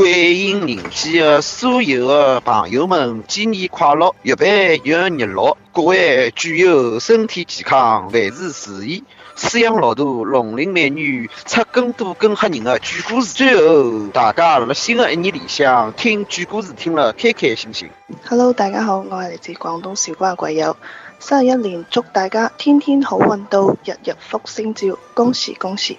歡迎人間嘅所有嘅朋友們，新年快樂，越辦越熱鬧，各位聚友身體健康，萬事如意。四陽老大、龍鱗美女出更多更嚇人嘅鬼故事。最後，大家喺了新嘅一年裏向聽鬼故事聽得開開心心。Hello，大家好，我係來自廣東韶關嘅鬼友，新一年祝大家天天好運到，日日福星照，恭喜恭喜！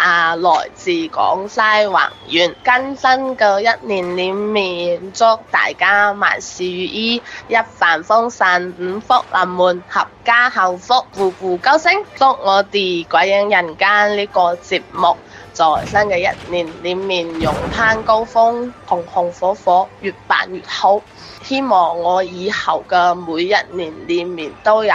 啊！來自廣西橫縣，更新嘅一年裡面，祝大家萬事如意，一帆風順，五福臨門，合家幸福，步步高升。祝我哋鬼影人間呢個節目在新嘅一年裡面，勇攀高峰，紅紅火火，越辦越好。希望我以後嘅每一年裡面都有。